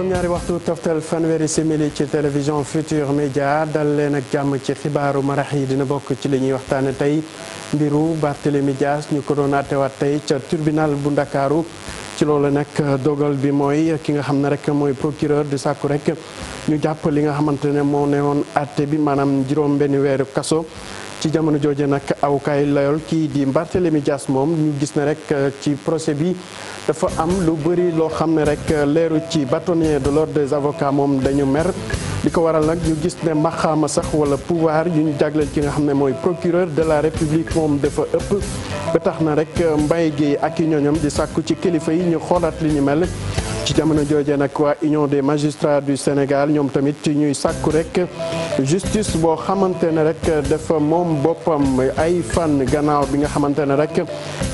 juróom-ñaari waxtu toftal fanweeri simili ci télévision Futur Média dal leen ak jàmm ci xibaaru marax yi dina bokk ci li ñuy waxtaane tey mbiru Barthélémy Dias ñu ko doon àttewaat tey ca tribunal bu Ndakaaru ci loolu nag dogal bi mooy ki nga xam ne rek mooy procureur di sàkku rek ñu jàpp li nga xamante ne moo ne woon àtte bi maanaam juróom benn weeru kaso ci jamono jooje nag awkaay layool kii di Barthélemy Dias moom ñu gis ne rek euh, ci procès bi dafa am lu bëri loo xam ne rek euh, leeru ci batonier de l'ordre des avocats moom dañu mer li ko waral nag ñu gis ne maxaama sax wala pouvoir yu ñu jagleel ki nga xam ne mooy procureur de la république moom dafa ëpp ba tax na rek euh, mbay gi ak i ñoñam di sàkku ci kilifa yi ñu xoolaat li ñu mel ci jamono joojee nag waa union des magistrats du Sénégal ñoom tamit ñuy sàkku rek justice boo xamante ne rek defa moom boppam ay fan gannaaw bi nga xamante ne rek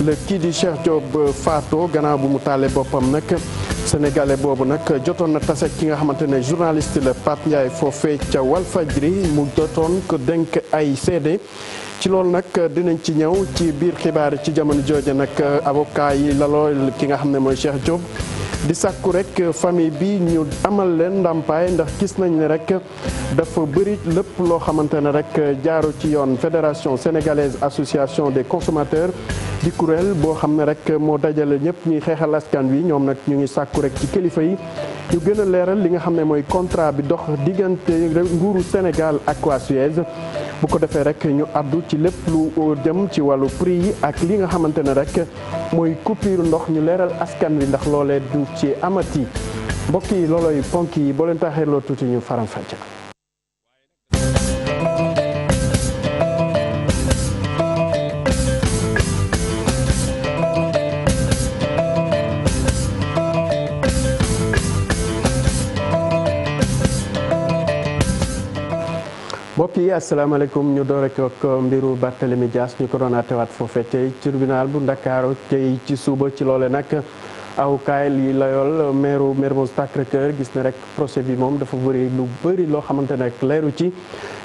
le kii di Cheikh Diop faatoo gannaaw bu mu taalee boppam nag sénégalais boobu nag jotoon na tase ki nga xamante ne journaliste la Pape Ndiaye foofee ca Walfadjri mu jotoon ko dénk ay seede ci loolu nag dinañ ci ñëw ci biir xibaar ci jamono jooja nag avocat yi laloo ki nga xam ne mooy Cheikh Diop. di sàkku rek famille bi ñu amal leen ndàmpaay ndax gis nañ ne rek dafa bëri lépp loo xamante ne rek jaaro ci yoon fédération sénégalaise association des consommateurs di kuréel boo xam ne rek moo dajale ñëpp ñuy xeexal askan wi ñoom nag ñu ngi sàkku rek ci kilifa yi ñu gën a leeral li nga xam ne mooy contrat bi dox diggante nguuru Sénégal ak waa Suez bu ko defee rek ñu àddu ci lépp lu euh, jëm ci wàllu prix yi ak li nga xamante ne rek mooy coupure ndox ñu leeral askan wi ndax loolee du ci amati mbokk yi looloy ponk yi boo leen taxee loo tuuti ñu faram mbokk yi asalaamaaleykum ñu door ak mbiru Barthélémy Dias ñu ko doon àttewaat foofee tey tribunal bu Ndakaaru tey ci suba ci loole nag aw kaay yi layool maire Mermoz Sacré-Cœur gis na rek procès bi moom dafa bëri lu bëri loo xamante ne leeru ci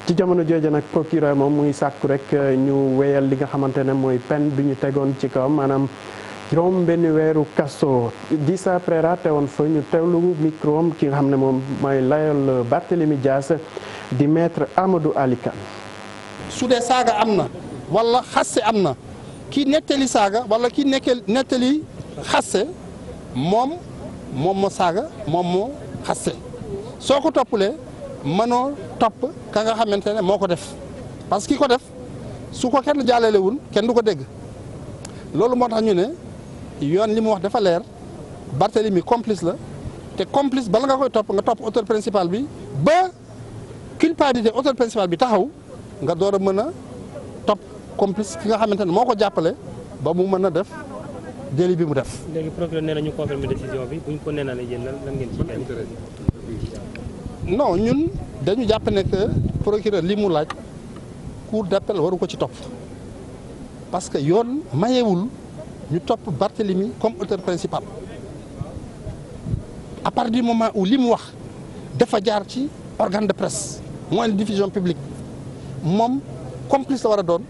ci jamono jooju nag procureur moom muy sàkku rek ñu wéyal li nga xamante ne mooy peine bi ñu tegoon ci kawam maanaam juróom benn weeru kaso dix après ra teewoon fa ñu teewlu micro ki nga xam ne moom mooy la Barthélémy Dias di maître Amadou Ali Kane su dee saaga am na wala xaste am na kii nettali saaga wala kii nekke nettali xaste moom moom moo saaga moom moo xaste soo ko toppalee mënoo topp ka nga xamante ne moo ko def parce que ki ko def su ko kenn jàllalewul kenn du ko dégg loolu moo tax ñu ne yoon li mu wax dafa leer Barthélemy complice la te complice bala nga koy topp nga topp auteur principal bi ba culpabilité autorité principale bi taxaw nga door a mën a topp complice ki nga xamante ne moo ko jàppale ba mu mën a def délit bi mu def. léegi procureur nee na ñu confirmer décision bi bu ñu ko nee na la yéen lan ngeen ciy gën. ñun dañu jàpp ne que procureur li mu laaj cour d'appel waru ko ci topp parce que yoon mayewul ñu topp Barthélemy comme auteur principal à partir du moment où li mu wax dafa jaar ci organe de presse moyen de diffusion publique moom complice la war a doon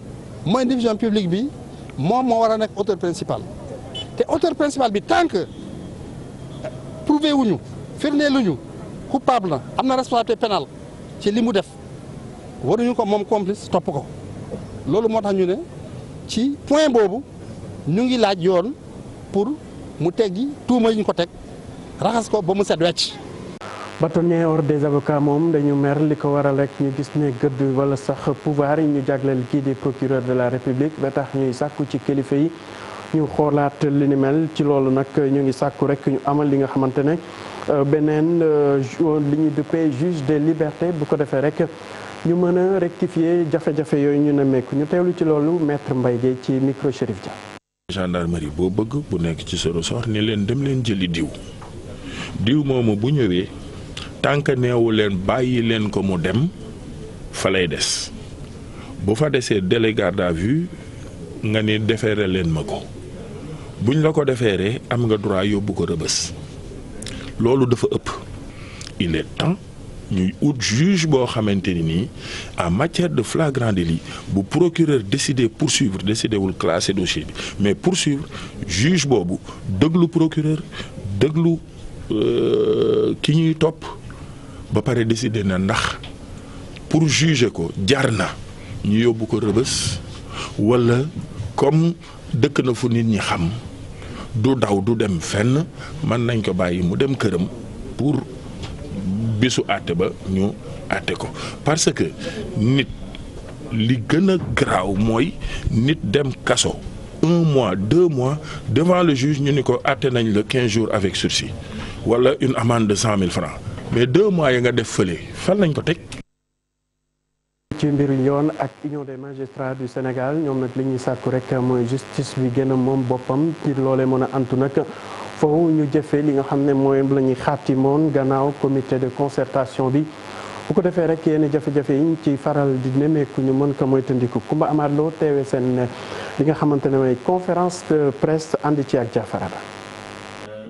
moyen de diffusion publique bi moom moo war a nekk auteur principal te auteur principal bi tant que prouvé wuñu firndeeluñu coupable na am na responsabilité pénal ci li mu def waruñu ko moom complice topp ko loolu moo tax ñu ne ci point boobu ñu ngi laaj yoon pour mu teggi tuuma yi ñu ko teg raxas ko ba mu set wecc bâtonnier ordre des avocats moom dañu mer li ko waral rek ñu gis ne gëdd wala sax pouvoir yi ñu jagleel kii di procureur de la république ba tax ñuy sàkku ci kilifa yi ñu xoolaat li ni mel ci loolu nag ñu ngi sàkku rek ñu amal li nga xamante ne euh, beneen euh, li ñuy duppee juge des libertés bu ko defee rek ñu mën a rectifier jafe-jafe yooyu ñu ne mekk ñu teewlu ci loolu maître mbay Guèye ci micro Chérif Dia. gendarmerie boo bëgg bu nekk ci sa ressort ne leen dem leen jëli diw diw moomu bu ñëwee. tànk neewu leen bàyyi leen ko mu dem fa lay des bu fa desee délai à vue nga ni defeere leen ma ko buñ la ko defeeree am nga droit yóbbu ko rëbës loolu dafa ëpp il est temps ñuy ut juge boo xamante ni nii en matière de flagrant délit bu procureur décider poursuivre décider wul classer dossier bi mais pour poursuivre juge boobu déglu procureur déglu euh, ki ñuy topp ba pare décider na ndax pour juger ko jar na ñu yóbbu ko rëbës walla comme dëkk na fu nit ñi xam du daw du dem fenn man nañ ko bàyyi mu dem këram pour bisu àtte ba ñu àtte ko parce que nit li gën a garaaw mooy nit dem kaso un mois deux mois devant le juge ñu ni ko àtte nañ la quinze jours avec sursis walla une amende de cent mille francs mais deux mois yi nga def fële fan lañ ko teg. ci mbiru yoon ak union de magistrats du Sénégal ñoom nag li ñuy sàkku rek mooy justice bi gën moom boppam ci loole mën a antu nag foofu ñu jëfee li nga xam ne mooy la ñuy moom gannaaw comité de consertation bi. bu ko defee rek yenn jafe-jafe yi ci faral di nemmeeku ñu mën ko moytandiku Kumba Amaat loo teewee seen li nga xamante ne mooy conférence de presse ànd ci ak jaafara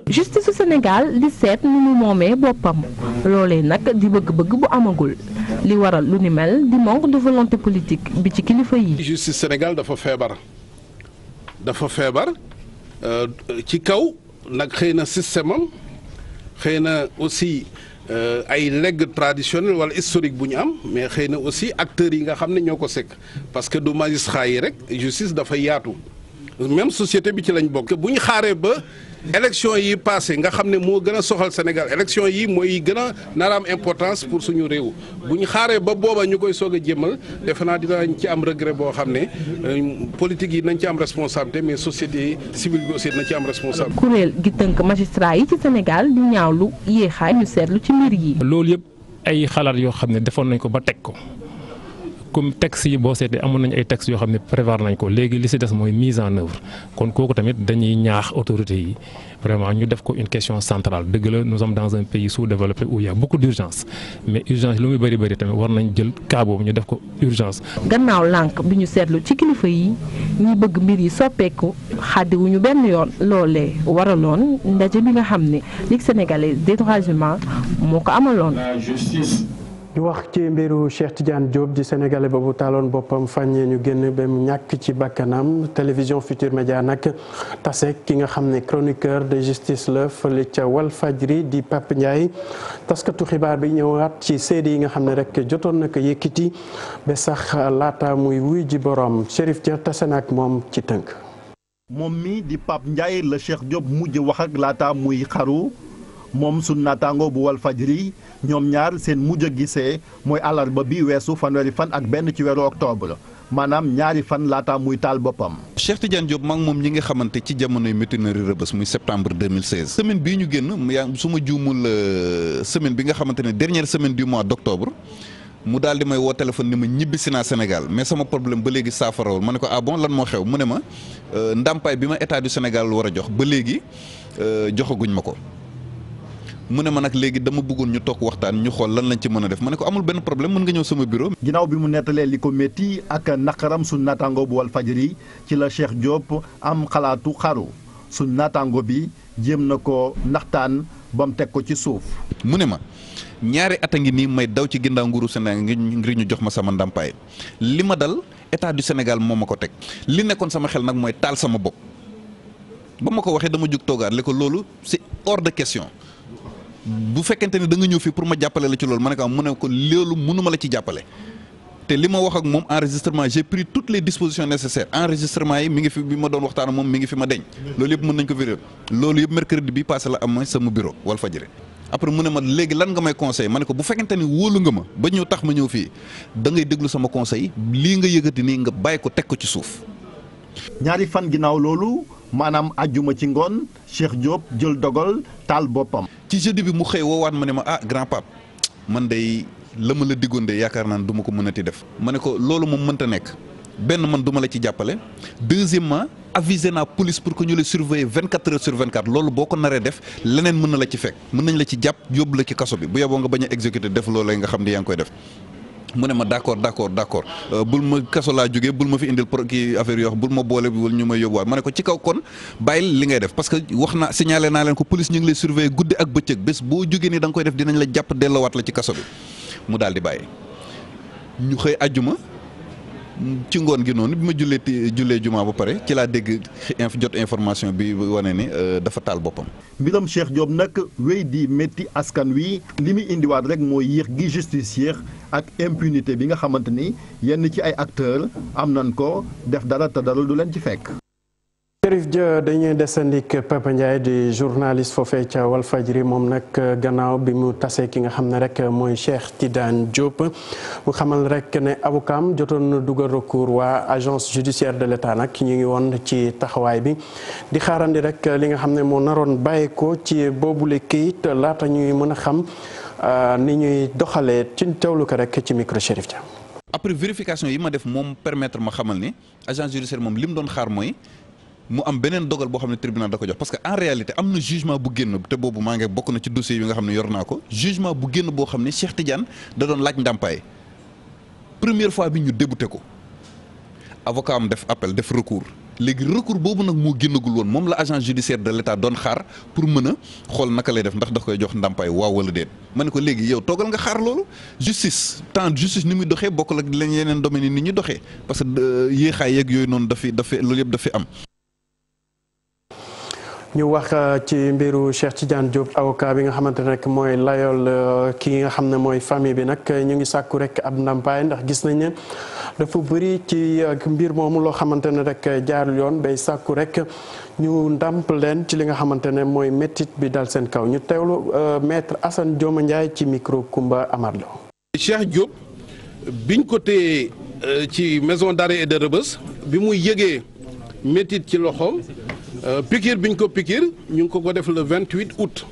justice su Sénégal di seet nu mu moomee boppam loolee nag di bëgg-bëgg bu amagul li waral lu ni mel di manque de volonté politique bi ci kilifa yi. justice Sénégal dafa feebar dafa feebar euh, ci kaw nag xëy na système am xëy na aussi. Euh, ay legs traditionnel wala historique bu ñu am mais xëy na aussi acteurs yi nga xam ne ñoo ko sekk parce que du magistrat yi rek justice dafa yaatu même société bi ci lañ bokk. bu ñu xaaree ba. élection yi passé nga xam ne moo gën a soxal Sénégal élection yi mooy gën a am importance pour suñu réew bu ñu xaaree ba booba ñu koy soog a jëmal defe naa ñu ci am regret boo xam ne euh, politique yi nañ ci am responsabilité mais société civile bi aussi nañ ci am responsabilité. kuréel gi tënk magistrat yi ci Sénégal ñu lu yéexaay ñu seetlu ci mbir yi. loolu yëpp ay xalaat yoo xam ne defoon nañ ko ba teg ko. comme texte yi boo seetee amoon nañu ay textes yoo xam ne prévoir nañ ko léegi li si des mooy mise en œuvre kon kooku tamit dañuy ñaax autorités yi vraiment ñu def ko une question centrale dëgg la nous dans un pays sous-développé où il y a beaucoup d'urgence mais urgence lu muy bëri bëri tamit war nañ jël cas ñu def ko urgence. gannaaw lànk bi ñu seetlu ci kilifa yi ñi bëgg mbir yi soppeeku xàddiwuñu benn yoon loolee waraloon ndaje bi nga xam ñu wax ci mbiru Cheikh Tidiane Diop di sénégalais boobu taaloon boppam fan ñu génn ba mu ñàkk ci bakkanam télévision Futur Média nag tase ki nga xam ne chroniqueur de justice la fële ca Walfadjri di Pape Ndiaye taskatu xibaar bi ñëwaat ci seede yi nga xam ne rek jotoon na ko yëkkati ba sax laata muy wuy ji borom Chérif Dia tase na moom ci tënk. moom mi di Pape Ndiaye la Cheikh Diop mujj wax ak laata muy xaru. moom sunu naataango bu Walfadjri ñoom ñaar seen mujj a gisee mooy alar àllarba bi weesu fanweeri fan ak benn ci weeru octobre maanaam ñaari fan laata muy taal boppam. Cheikh Tidiane Diop mag moom ñi nga xamante ci jamonoy mutinerie Rebeuss muy septembre 2016. semaine bii ñu génn yaa su ma juumul euh, semaine bi nga xamante ne dernière semaine du mois d' octobre. mu daal di may woo téléphone ni ma ñibbisi naa Sénégal mais sama problème ba léegi saafarawul ma ne ko ah bon lan moo xew mu ne ma euh, ndàmpaay bi ma état du Sénégal war jox ba léegi euh, joxaguñ ma ko. mu ne ma nag léegi dama bëggoon ñu toog waxtaan ñu xool lan lañ ci mën a def ma ne ko amul benn problème mën nga ñëw sama bureau. ginnaaw bi mu nettalee li ko métti ak naqaram suñ naataango bu Walfadjri ci la Cheikh Diop am xalaatu xaru su naataango bi jéem na ko naxtaan ba mu teg ko ci suuf. mu ne ma ñaari at a ngi nii may daw ci ginnaaw nguuru Sénégal ngir ñu jox ma sama ndàmpaay li ma dal état du Sénégal moom ma ko teg li nekkoon sama xel nag mooy taal sama bopp ba ma ko waxee dama jug toogaat li ko loolu c'est hors de question. bu fekkente ni da nga ñëw fii pour ma jàppale la ci loolu ma ne ko mu ne ko loolu mënuma la ci jàppale. te li ma wax ak moom enregistrement j'ai pris toutes les dispositions nécessaires enregistrement yi mi ngi fi bi ma doon waxtaan moom mi ngi fi ma deñ loolu yëpp mën nañ ko vérifier lan nga ma ne ko bu fekkente ni wóolu nga ma ba ñëw tax ma ñëw fii da déglu sama conseil lii nga yëkkati nii nga bàyyi ko teg ko ci suuf ñaari fan ginnaaw loolu maanaam àjjuma ci ngoon Cheikh Diop jël dogal taal boppam. ci jeudi bi mu xëy woowaat ma ne ma ah grand pape man day la ma la diggoon de yaakaar naa ne du ma ko mënati def. ma ne ko loolu moom mënta nekk benn man duma la ci jàppale deuxièmement avisé naa police pour que ñu la surveiller vingt quatre sur vingt quatre loolu boo ko naree def leneen mën na la ci fekk mën nañ la ci jàpp yóbbu la ci kaso bi bu yeboo nga bañ a exécuté def loolu nga xam ne yaa ngi koy mu ne ma d'accord d'accord d'accord euh, bul ma kaso laa jógee bul ma fi indi pro kii affaire yoo xam bul ma boole wala ñu may yóbbuwaat ma ne ko ci kaw kon bàyyil li ngay def parce que wax na signalé naa leen ko police ñu ngi lay surveiller guddi ak bëccëg bés boo jógee ni da nga koy def dinañ la jàpp delloowaat la ci kaso bi mu daal di bàyyi ñu xëy àjjuma ci ngoon gi noonu bi ma jullee jullee jumaa ba pare ci laa dégg jot information bi wanee ne euh, dafa taal boppam. mbiram Cheikh Diop nag wéy di métti askan wi li muy indiwaat rek mooy yéex gi justicier ak impunité bi nga xamante ni yenn ci ay acteurs am nañ ko def dara te dara du leen ci fekk. Chérif Dia dañuy desandik Papa Ndiaye di journaliste foofee ca Walfadjri moom nag gannaaw bi mu tasee ki nga xam ne rek mooy Cheikh daan Diop mu xamal rek ne avocaam jotoon na dugal recours waa agence judiciaire de l'État nag ñu ngi woon ci taxawaay bi di xaarandi rek li nga xam ne moo naroon bàyyi ko ci boobule kayit laata ñuy mën a xam euh, ni ñuy doxalee ci teewlu ko rek ci micro Chérif Dia. après vérification yi ma def moom permettre ma xamal ni agence judiciaire moom li mu doon xaar mooy. mu am beneen dogal boo xam ne tribunal da ko jox parce que en réalité am na jugement bu génn te boobu maa ngi bokk na ci dossier yi nga xam ne yor naa ko jugement bu génn boo xam ne Cheikh Tidiane da doon laaj ndàmpaay première fois bi ñu débouté ko avocat am def appel def recours léegi recours boobu nag moo génnagul woon moom la agent judiciaire de l'État doon xaar pour mën a xool naka lay def ndax da koy jox ndàmpaay waaw wala déet. ma ne ko léegi yow toogal nga xaar loolu justice temps justice muy doxee bokkul ak leneen domaine yi ni ñuy doxee parce que euh, yéexaay yeeg yooyu noonu dafi dafa loolu yëpp dafa am. ñu wax euh, ci mbiru ci Tidiane job avocat bi nga xamante ne rek mooy layool euh, ki nga xam ne mooy famille bi nag ñu ngi sàkku rek ab ndàmpaay ndax gis nañ ne dafa bëri ci mbir moomu loo xamante ne rek jaarul yoon bay sàkku rek ñu ndàmp leen ci li nga xamante ne mooy métit bi dal seen kaw ñu teewlu euh, maître Assane Dioma Ndiaye ci micro Kumba Amar Lo Cheikh Diop biñ ko téye ci maison d'arrêt et de Rebeuss bi muy yëgee métit ci loxo Euh, piqûre bi ñu ko piqûre ñu ngi ko ko def le 28 août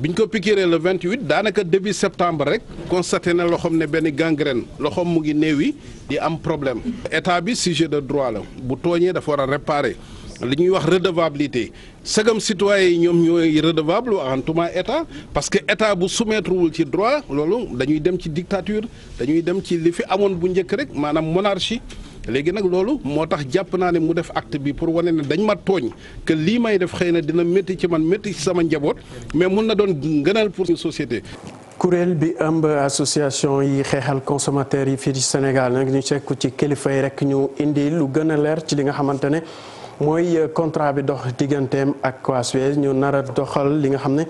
bi ñu ko piqûree le 28 daanaka début septembre rek constaté na loxoom ne benn gangrène loxoom mu ngi néew yi di am problème. état bi sujet de droit la bu tooñee dafa war a réparer li ñuy wax redevabilité sagam citoyen yi ñoom ñooy redevable en tout état parce que état bu soumettre wul ci droit loolu dañuy dem ci dictature dañuy dem ci li fi amoon bu njëkk rek maanaam monarchie. léegi nag loolu moo tax jàpp naa ne mu def act bi pour wane ne dañ ma tooñ que lii may def xëy na dina métti ci man métti ci sama njaboot mais mun na doon ngënal pour une société. kuréel bi ëmb association yi xeexal consommateurs yi fii ci Sénégal nag ñu sekku ci kilifa yi rek ñu indi lu gën a leer ci li nga xamante ne. mooy euh, contrat bi dox digganteem ak waa Suez ñu nar doxal li nga xam ne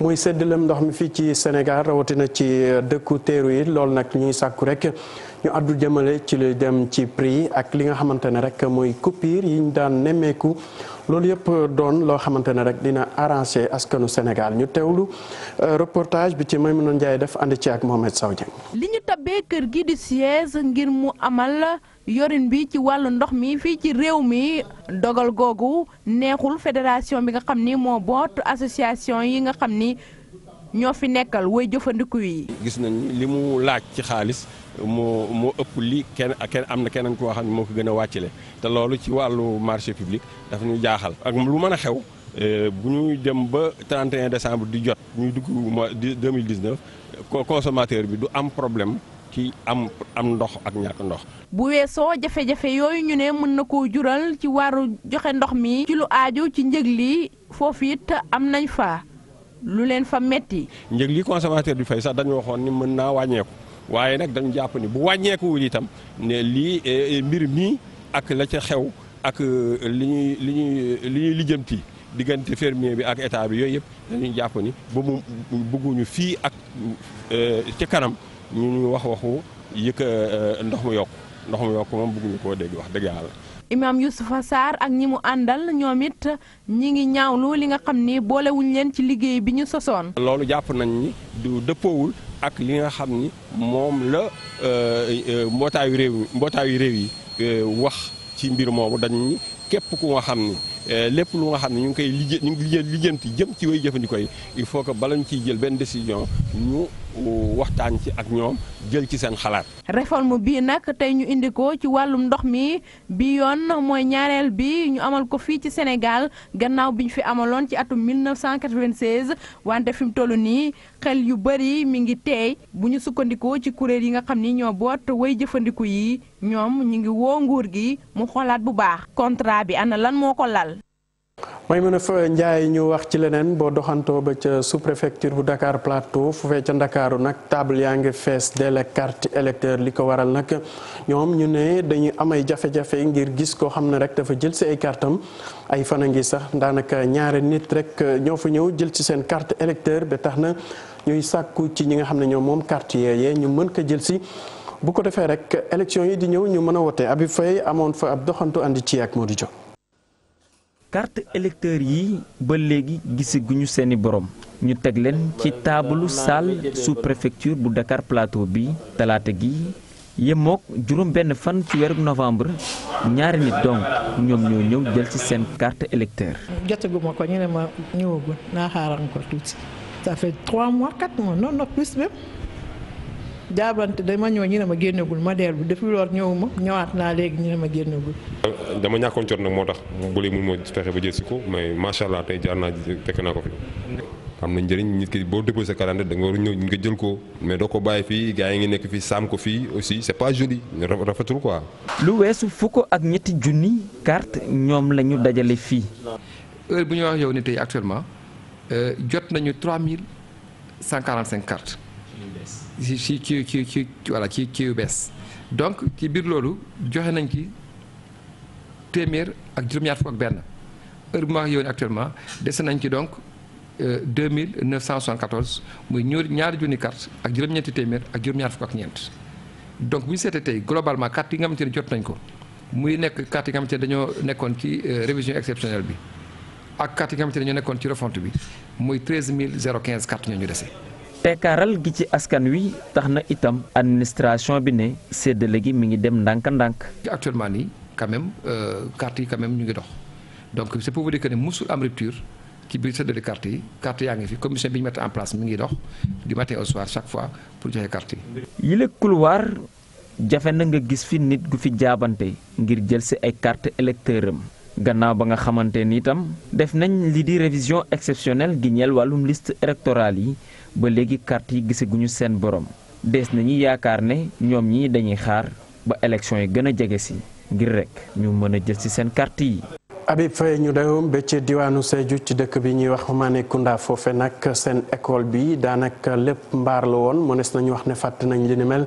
mooy séddaleem ndox mi fii ci Sénégal rawatina ci euh, dëkku teeru yi loolu nag ñuy sàkku rek ñu addu jëmale ci lu dem ci prix ak li nga xamante ne rek mooy coupure yi ñu daan nemmeeku loolu yëpp doon loo xamante ne rek dina arranger askanu Sénégal ñu teewlu euh, reportage bi ci Maymouna Ndiaye def ànd ci ak Mohamed Saw Dieng. li ñu tabbee kër gi di Suez ngir mu amal. yorin bi ci wàllu ndox mi fii ci réew mi dogal googu neexul fédération bi nga xam ni moo boot association yi nga xam ni ñoo fi nekkal way jëfandiku yi. gis nañ li mu laaj ci xaalis moo moo ëpp li kenn kenn am na keneen koo xam ne moo ko gën a wàccale te loolu ci wàllu marché public dafa ñu jaaxal ak lu mën a xew. Euh, bu ñuy dem ba 31 décembre di jot ñuy dugg mois 2019 consommateur bi du am problème. ci am am ndox ak ñàkk ndox. bu weesoo jafe-jafe yooyu ñu ne mën na koo jural ci waaru joxe ndox mi. ci lu aaju ci njëg li foofu it am nañ fa lu leen fa metti njëg li consommateur bi fay sax dañu waxoon ni mën naa wàññeeku waaye nag dañu jàpp ni bu wàññeekuwul itam ne lii e, e, mbir mii ak la ca xew ak e, li ñuy li ñuy li ñuy lijjanti. diggante fermier bi ak état bi yooyu yëpp dañuy jàpp ni ba mu bëgguñu fii ak ci kanam ñu ñu wax waxu yëkk euh, ndox mu yokk ndox mu yokk moom bëgguñu koo dégg wax dëgg yàlla. imaam Youssoufa Sarr ak ñi mu àndal ñoom it ñi ngi ñaaw ñaawlu li nga xam ni boolewuñ leen ci liggéey bi ñu sosoon. loolu jàpp nañ ni du dëppoowul ak li nga xam ni moom la euh, euh, mbootaayu réew mbootaayu réew yi wax ci mbir moomu dañ képp ku nga xam ni lépp lu nga xam ne ñu ngi koy liggéey ñu ngi lijjanti jëm ci way jëfandikoo yi il faut que bala ñu ciy jël benn décision waxtaan ci ak ñoom jël ci seen xalaat. réforme bii nag tey ñu indi ko ci wàllum ndox mi bi yoon mooy ñaareel bi ñu amal ko fii ci Sénégal gannaaw bi ñu fi amaloon ci atum 1996 wante fi mu toll nii xel yu bëri mi ngi teey bu ñu sukkandikoo ci kuréel yi nga xam ni ñoo boot way jëfandiku yi ñoom ñu ngi woo nguur gi mu xoolaat bu baax contrat bi ana lan moo ko lal. Maïmouna Ndiaye ñu wax ci leneen boo doxantoo ba ca sous-préfecture bu Dakar Plateau fu fee ca Ndakaaru nag table yaa ngi fees dell ak carte électeur li ko waral nag ñoom ñu ne dañuy am ay jafe-jafe ngir gis koo xam ne rek dafa jël si ay kartam ay fan a ngi sax daanaka ñaare nit rek ñoo fa ñëw jël ci seen carte électeur be tax na ñuy sàkku ci ñi nga xam ne ñoom moom carte yee ñu mën ko jël si bu ko defee rek élection yi di ñëw ñu mën a wote Habib Faye amoon fa ab doxantu andi ci ak Modou Diop carte électeur yi ba léegi gisaguñu seeni borom ñu teg leen ci taabalu salle sous préfecture bu Dakar Plateau bi talaata gi yemook juróom benn fan ci weeru novembre ñaari nit donc ñoom ñoo ñëw jël ci seen carte électeur jotaguma ko ma ñëwagul naa jaabante dama ñëw ñu ne ma génnagul ma dellu depuis loolu ñëwuma ñëwaat naa léegi ñu ne ma génnagul. dama ñàkkoon jot nag moo tax ba léegi mun moo fexe ba jël si ko mais macha allah tey jaar naa fekk naa ko fi. am na njëriñ nit ki boo déposé calendrier da nga war a ñëw nga jël ko mais doo ko bàyyi fii gars yi ngi nekk fii saam ko fii aussi c'est pas joli rafetul quoi. lu weesu fukk ak ñetti junni carte ñoom la ñu dajale fii. heure bu ñu wax yow ni tey actuellement euh, jot nañu 3145 cartes. ci ci ci ci voilà ci ci yu bees ci biir loolu joxe nañ ci téeméer ak juróom-ñaar fukk ak benn heure bu ma yoon actuellement dese nañ ci donc 2974 euh, muy ñoor ñaari junni carte ak juróom-ñeenti téeméer ak juróom-ñaar fukk ak ñeent donc bu ñu tey globalement carte yi nga xamante ne jot nañ ko muy nekk carte yi nga xamante ne dañoo nekkoon ci euh, révision exceptionnelle bi ak carte yi nga xamante ne dañoo nekkoon ci refonte bi muy 13015 cartes ñoo ñu dese tekkaaral gi ci askan wi tax na itam administration bi ne séddale gi mi ngi dem ndànk-ndànk. actuellement nii quand même euh, carte yi quand même ñu ngi dox donc c'est pour vous dire que ne musul am rupture. ci biir séddale carte yi carte yaa ngi fi commission bi ñu mettre en place mi ngi dox du matin au soir chaque fois pour joxe carte yi. yile couloir jafe na nga gis fi nit gu fi jaabante ngir jël si ay carte électeur am gannaaw ba nga xamante ni itam def nañ li di révision exceptionnelle gi ñeel wàllum liste électorale yi ba léegi carte yi gisaguñu seen borom na nañu yaakaar ne ñoom ñi dañuy xaar ba élection yi gën a jege si ngir rek ñu mën a jël ci seen carte yi. Habib Faye ñu dewoon ba ci diwaanu Sédhiou ci dëkk bi ñuy wax Manékounda foofe nag seen école bi daanaka lépp mbaar la woon mënees nañu wax ne fàtt nañ li mel.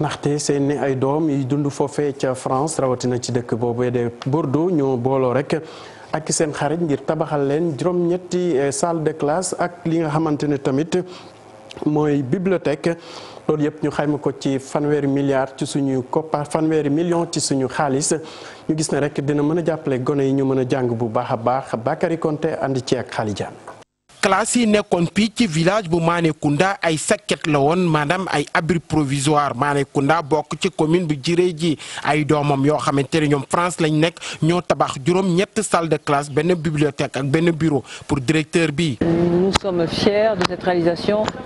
ndaxte seen ay doom yi dund foofee ca France rawatina ci dëkk boobu de Bordeaux ñoo booloo rek ak seen xarit ngir tabaxal leen juróom-ñetti eh, salle de classe ak li nga xamante ne tamit mooy bibliothèque. loolu yëpp ñu xayma ko ci fanweeri milliards ci suñu koppar fanweeri million ci suñu xaalis ñu gis ne rek dina mën a jàppale gone yi ñu mën a jàng bu baax a baax Bakary Konte ànd ci ak Khalidiane classe yi nekkoon fii ci village bu Manékounda ay sakket la woon maanaam ay abri provisoire Manékounda bokk ci commune bu Jiree ji ay doomam yoo xamante ne ñoom France lañ nekk ñoo tabax juróom ñett de classe benn bibliothèque ak benn bureau pour directeur bi. nous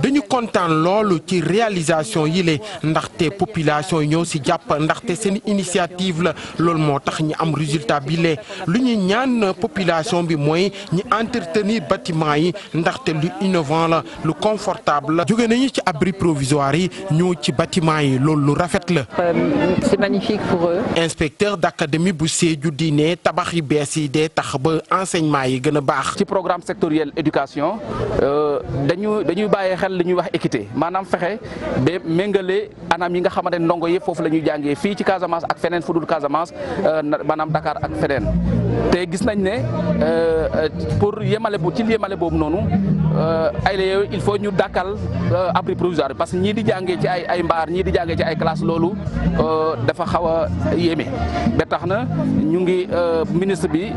dañu kontaan loolu ci réalisation yi la ndaxte population yi ñoo si jàpp ndaxte seen initiative la loolu moo tax ñu am résultat bi la lu ñu ñaan population bi mooy ñu entretenir bâtiment yi. ndaxte lu innovant la lu confortable la jóge nañu ci abri provisoire yi ñëw ci bâtiment yi loolu lu rafet la. Euh, c'est magnifique pour eux. inspecteur d'académie bu Sédhiou di ne tabax yi bees yi dee tax ba enseignement yi gën a baax. ci programme sectoriel éducation euh, dañu dañuy bàyyi xel li ñuy wax équité maanaam fexe ba méngale anam yi nga xamante ne ndongo yi foofu la ñuy jàngee fii ci Casamance ak feneen fu dul Casamance euh, maanaam Dakar ak feneen. te gis nañ ne euh, euh, pour yemale bu ci yemale boobu noonu euh, ay la yooyu il faut ñu dakkal abri provisoire parce que ñii di jàngee ci ay ay mbaar ñii di jàngee ci ay classe loolu dafa xaw a yéeme ba tax na ñu ngi ministre bi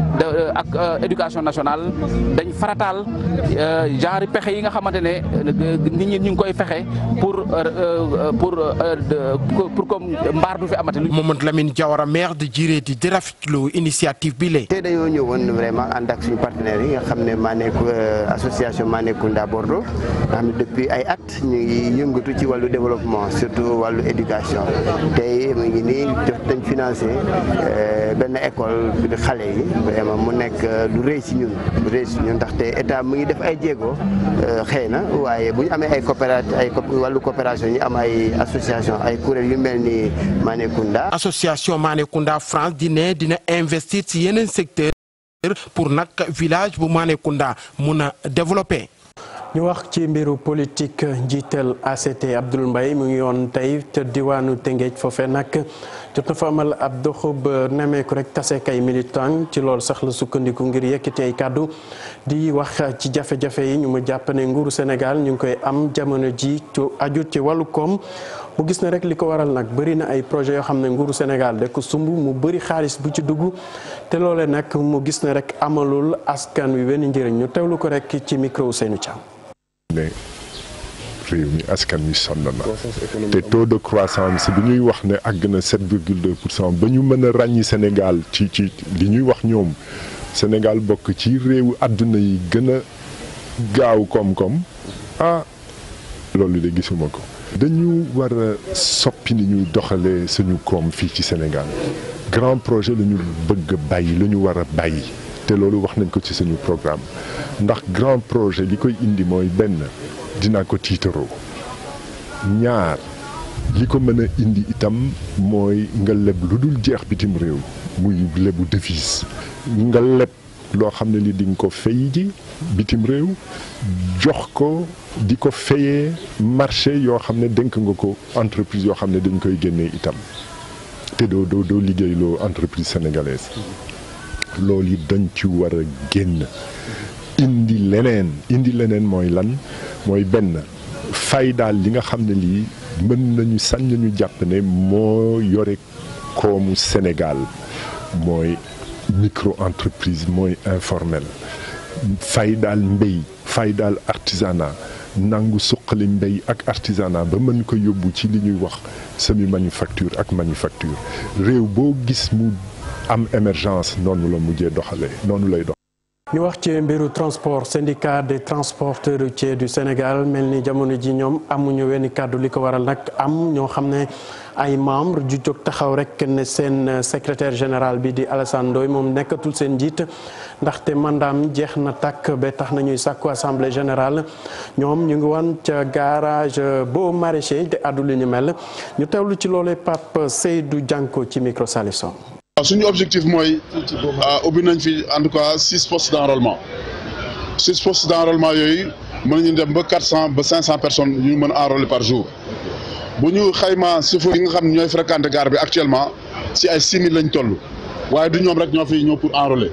ak éducation nationale dañ farataal genre pexe yi nga xamante ne nit ñi ñu ngi koy fexe pour pour pour comme mbaar du fi amati. Mamadou Lamine Diawara maire de Djiré di rafetlu initiative bi tey. tey dañoo ñëwoon vraiment ànd ak suñu partenaires yi nga xam ne maa nekk euh, association Manécounda Bordeaux nga xam ne depuis ay at ñu ngi yëngatu ci wàllu développement surtout wàllu éducation tey mu ngi nii jot dañ financé euh, benn école xale yi vraiment mu nekk euh, lu rëy si ñun lu rëy si ñun ndaxte état mu ngi def ay jéego xëy na waaye bu ñu amee ay coopérative ay wàllu coopération ñu am ay association ay kuréel yu mel ni Manécounda association Manécounda France secteur pour nag village bu Manékounda mun a développer. ñu wax ci mbiru politique njiital ACT Abdoul mbay mu ngi yoon tey te diwaanu Tëngéej foofe nag jot na fa amal ab doxu ba nemeeku rek tase kay militant ci loolu sax la sukkandiku ngir yëkkati ay kàddu di wax ci jafe-jafe yi ñu ma jàpp ne nguuru Sénégal ñu ngi koy am jamono ji aju ci wàllu koom. mu gis na rek li ko waral nag bari na ay projet yoo xam ne nguuru Sénégal de ko sumb mu bari xaalis bu ci dugg te loole nag mu gis ne rek amalul askan wi wenn njëriñ ñu teewlu ko rek ci micro Ousseynou Thiam. réew mi askan wi sonn na te taux de croissance bi ñuy wax ne àgg na 7,2 pour cent ba ñu mën a ràññi Sénégal ci ci li ñuy wax ñoom Sénégal bokk ci réewu àdduna yi gën a gaaw koom-koom ah loolu de gisuma ko. dañu war a soppi ni ñuy doxalee suñu koom fii ci Sénégal grand projet lañu bëgg a bàyyi la ñu war a bàyyi te loolu wax nañ ko ci suñu programme ndax grand projet li koy indi mooy benn dina ko tiitaroo ñaar li ko mën a indi itam mooy nga leb lu dul jeex bitim réew muy lebu devise nga leb loo xam ne li di nga ko fay ji bitim réew jox ko di ko fayee marché yoo xam ne dénk nga ko entreprise yoo xam ne dañ koy génnee itam te doo doo doo liggéeyloo entreprise sénégalaise loolu yi dañ ci war a génn indi leneen indi leneen mooy lan mooy benn fay daal li nga xam ne lii mën nañu sañ nañu jàpp ne moo yore koomu Sénégal mooy micro entreprise mooy informel fay daal mbéy fay daal artisanat nangu suqali mbéy ak artisanat ba mën ko yóbbu ci li ñuy wax semi manufacture ak manufacture réew boo gis mu am émergence noonu la mujjee doxalee noonu lay dox ñu wax ci mbiru transport syndicat des transporteurs routiers du Sénégal mel ni jamono ji ñoom amuñu wenn kàddu li ko waral nag am ñoo xam ne ay membre ju jóg taxaw rek ne seen euh, secrétaire général bi di Alassane moom nekkatul seen njiit ndaxte mandaam jeex na takk ba tax na ñuy sàkku assemblée générale ñoom ñu ngi woon ca garage euh, Beaux Maraîchers de addu li ñu mel ñu teewlu ci loolee Pape Seydou Dianko ci micro Salif Sow waaw suñu objectif mooy a euh, ubbi nañ fi en tout cas six postes d'enrôlement six postes d'enrôlement yooyu mën nañu dem ba quatre cent ba cinq cent personnes ñu mën a enrôler par jour bu ñu xayma chauffeur yi nga xam ne ñooy fréquenté gare bi actuellement si ay six mille lañ toll waaye du ñoom rek ñoo fiy ñëw pour enrôler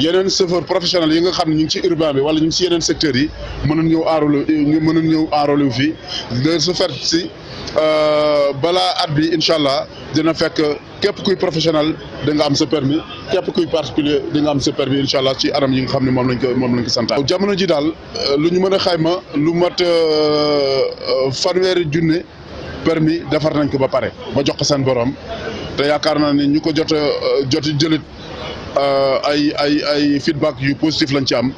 yeneen chauffeur professionnel yi nga xam ne ñu ngi ci urbain bi wala ñu ngi si yeneen secteurs yi mënuñ ñëw enrôler mënuñ ñëw enrôler wu fii de ce fait si euh, balaa at bi incha allah dina fekk képp kuy professionnel da nga am sa permis képp kuy particulier di nga am sa permis incha allah ci anam yi nga xam ne moom lañ ko moom lañ ko santaan. jamono ji daal euh, lu ñu mën a xayma lu mat euh, fanweeri junne. permis defar nañ ko ba pare ba jox ko seen borom te yaakaar naa ne ñu ko jot a euh, jot jëlit euh, ay ay ay feedback yu positif lañ ci am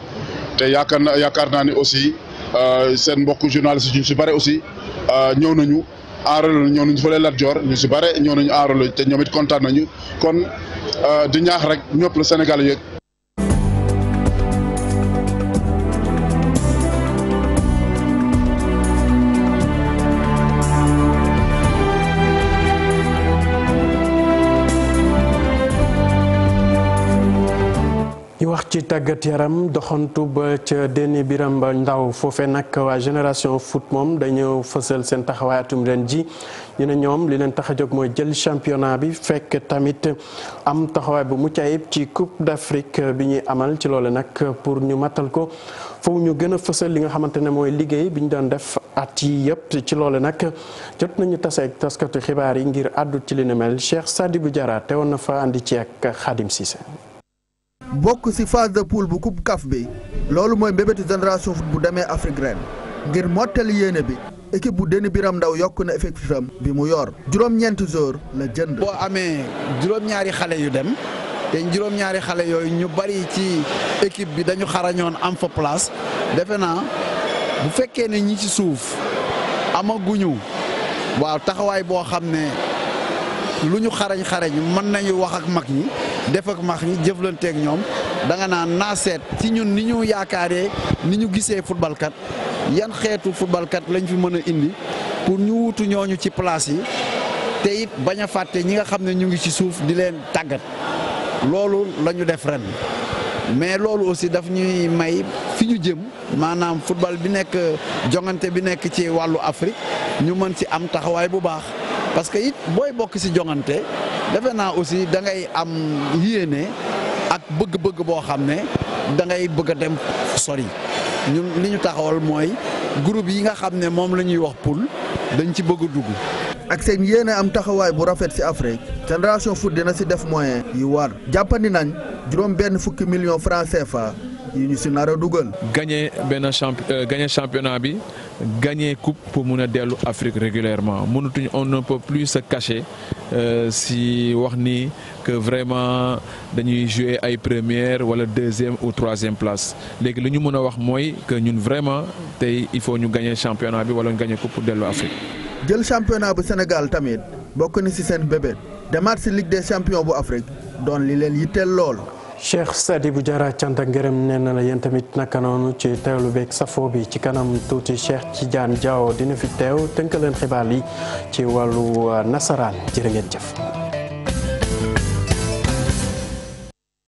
te yaakaar na yaakaar naa ne aussi euh, seen mbokku journaliste ñu si bare aussi ñëw nañu enrôlé ñëw nañu fële Lat joor ñu si bare ñëw nañu enrôlé te ñoom it kontaan nañu kon di ñaax rek ñëpp la Sénégal yëg. ci tàggat yaram doxantu ba ca Déni Biram Ndaw foofe nag waa génération foot moom dañoo fësal seen taxawaay atum ren ji ñu ne ñoom li leen tax a jóg mooy jël championnat bi fekk tamit am taxawaay bu mucc ayib ci coupe d'Afrique bi ñuy amal ci loole nag pour ñu mattal ko foofu ñu gën a fësal li nga xamante ne mooy liggéey bi ñu doon def at yi yëpp ci loole nag jot nañu taseeg taskatu xibaar yi ngir àddu ci li ne mel Cheikh Sadibou Diarra teewoon na fa andi ci ak Khadim bokk ci phase de poule bu coupe CAF bi loolu mooy mbébétu génération suuf bu demee Afrique ren ngir mottali yéene bi équipe bu Déni Biram Ndaw yokk na effectif am bi mu yor juróom-ñeenti joueur la jënd. boo amee juróom-ñaari xale yu dem te juróom-ñaari xale yooyu ñu bari ci équipe bi dañu xarañoon am fa place defe naa bu fekkee ne ñi ci suuf amaguñu waaw taxawaay boo xam ne lu ñu xarañ xarañ mën nañu wax ak mag yi def ak max ñi jëflanteeg ñoom da nga naan naa seet ci ñun ni ñu yaakaaree ni ñu gisee footballkat yan xeetu footballkat lañ fi mën a indi pour ñu wutu ñooñu ci place yi te it bañ a fàtte ñi nga xam ne ñu ngi ci suuf di leen tàggat loolu lañu def ren. mais loolu aussi dafa ñuy may fi ñu jëm maanaam football bi nekk jongante bi nekk ci wàllu Afrique ñu mën ci am taxawaay bu baax parce que it booy bokk ci jongante. defe naa aussi da ngay am yéene ak bëgg-bëgg boo xam ne da ngay bëgg a dem sori ñun li ñu taxawal mooy groupe yi nga xam ne moom la ñuy wax poule dañ ci bëgg a dugg. ak seen yéene am taxawaay bu rafet ci Afrique Génération Foot dina si def moyen yi war jàppandi nañ juróom benn fukki million franc CFA yi ñu ci nar a dugal. gagné benn champ euh, gagné championnat bi. gagner coupe pour mun a dellu Afrique régulièrement mënatuñu on ne peut plus se cacher euh, si wax ni que vraiment dañuy jouer ay première wala deuxième ou troisième place léegi li ñu mën a wax mooy que ñun vraiment tey il faut ñu gagner championnat bi wala ñu gagner coupe pour dellu Afrique. jël championnat bu Sénégal tamit bokk na ci seen bébét demaat ci Ligue des champions bu Afrique doon li leen yitteel lool. Cheikh sadi bu cant ak ngërëm nee na la yéen tamit naka noonu ci teewlu beeg safo bi ci kanam tuuti Cheikh Tidiane Diaw dina fi teew tënk leen xibaar yi ci wàllu nasaraan jërë ngeen jëf.